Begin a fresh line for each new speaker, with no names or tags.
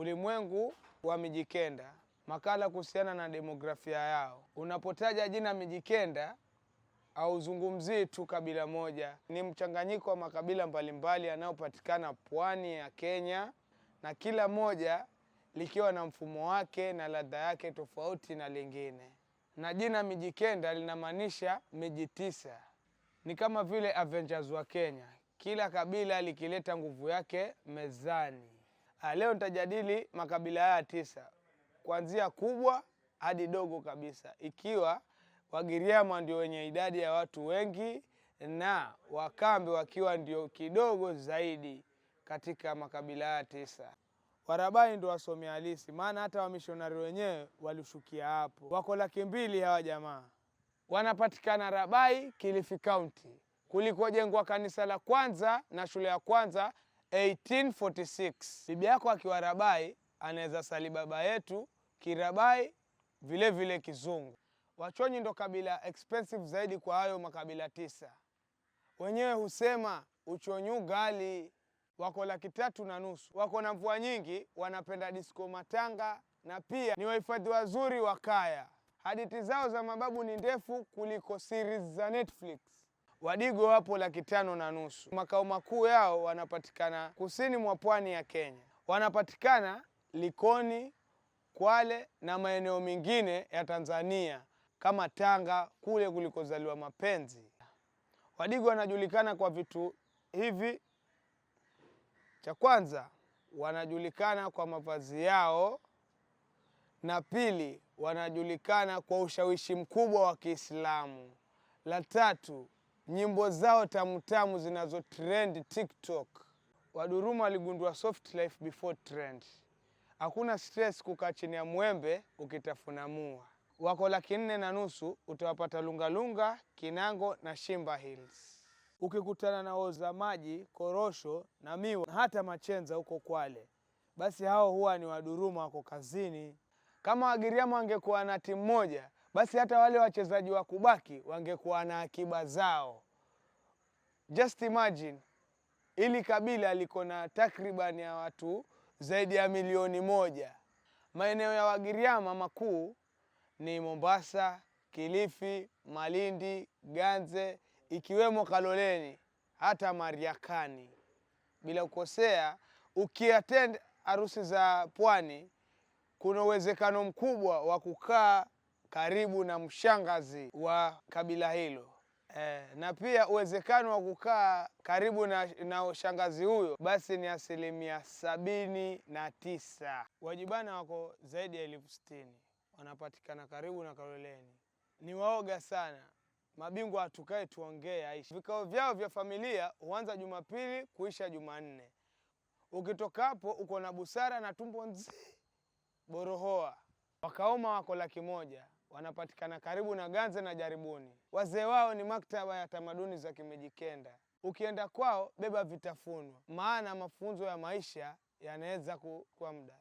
Ulimwengu wa Mijikenda, makala kuhusiana na demografia yao. Unapotaja jina Mijikenda hauzungumzii tu kabila moja, ni mchanganyiko wa makabila mbalimbali yanayopatikana pwani ya Kenya, na kila moja likiwa na mfumo wake na ladha yake tofauti na lingine. Na jina Mijikenda linamaanisha miji tisa, ni kama vile Avengers wa Kenya, kila kabila likileta nguvu yake mezani. Ha, ah, leo nitajadili makabila haya tisa kuanzia kubwa hadi dogo kabisa, ikiwa Wagiriama ndio wenye idadi ya watu wengi na Wakambe wakiwa ndio kidogo zaidi katika makabila haya tisa. Warabai ndio wasomi halisi, maana hata wamishonari wenyewe walishukia hapo. Wako laki mbili hawa jamaa, wanapatikana Rabai, Kilifi County, kulikojengwa kanisa la kwanza na shule ya kwanza 1846. Bibi yako akiwa Rabai anaweza sali baba yetu Kirabai, vile vile Kizungu. Wachonyi ndo kabila expensive zaidi kwa hayo makabila tisa. Wenyewe husema uchonyu gali wako laki tatu na nusu, wako na mvua nyingi, wanapenda disko matanga, na pia ni wahifadhi wazuri wa kaya. Hadithi zao za mababu ni ndefu kuliko series za Netflix. Wadigo wapo laki tano na nusu. Makao makuu yao wanapatikana kusini mwa pwani ya Kenya, wanapatikana Likoni, Kwale na maeneo mengine ya Tanzania kama Tanga kule kulikozaliwa mapenzi. Wadigo wanajulikana kwa vitu hivi. Cha kwanza, wanajulikana kwa mavazi yao, na pili, wanajulikana kwa ushawishi mkubwa wa Kiislamu, la tatu nyimbo zao tamutamu zinazo trend TikTok. Waduruma waligundua soft life before trend. Hakuna stress kukaa chini ya mwembe ukitafuna mua. Wako laki nne na nusu utawapata Lungalunga, Kinango na Shimba Hills. Ukikutana na oza maji, korosho na miwa na hata machenza huko Kwale, basi hao huwa ni Waduruma wako kazini. Kama Wagiriama wangekuwa na timu moja, basi hata wale wachezaji wa kubaki wangekuwa na akiba zao. Just imagine ili kabila liko na takriban ya watu zaidi ya milioni moja. Maeneo ya Wagiriama makuu ni Mombasa, Kilifi, Malindi, Ganze ikiwemo Kaloleni hata Mariakani. Bila kukosea, ukiattend harusi za pwani, kuna uwezekano mkubwa wa kukaa karibu na mshangazi wa kabila hilo. Eh, na pia uwezekano wa kukaa karibu na, na shangazi huyo basi ni asilimia sabini na tisa. Wajibana wako zaidi ya elfu sitini wanapatikana karibu na Kaloleni. Ni waoga sana, mabingwa hatukae tuongee aishi. Vikao vyao vya familia huanza Jumapili kuisha Jumanne. Ukitoka hapo uko na busara na tumbo nzii borohoa. Wakaoma wako laki moja wanapatikana karibu na Ganze na Jaribuni. Wazee wao ni maktaba ya tamaduni za Kimijikenda. Ukienda kwao beba vitafunwa, maana mafunzo ya maisha yanaweza kuwa muda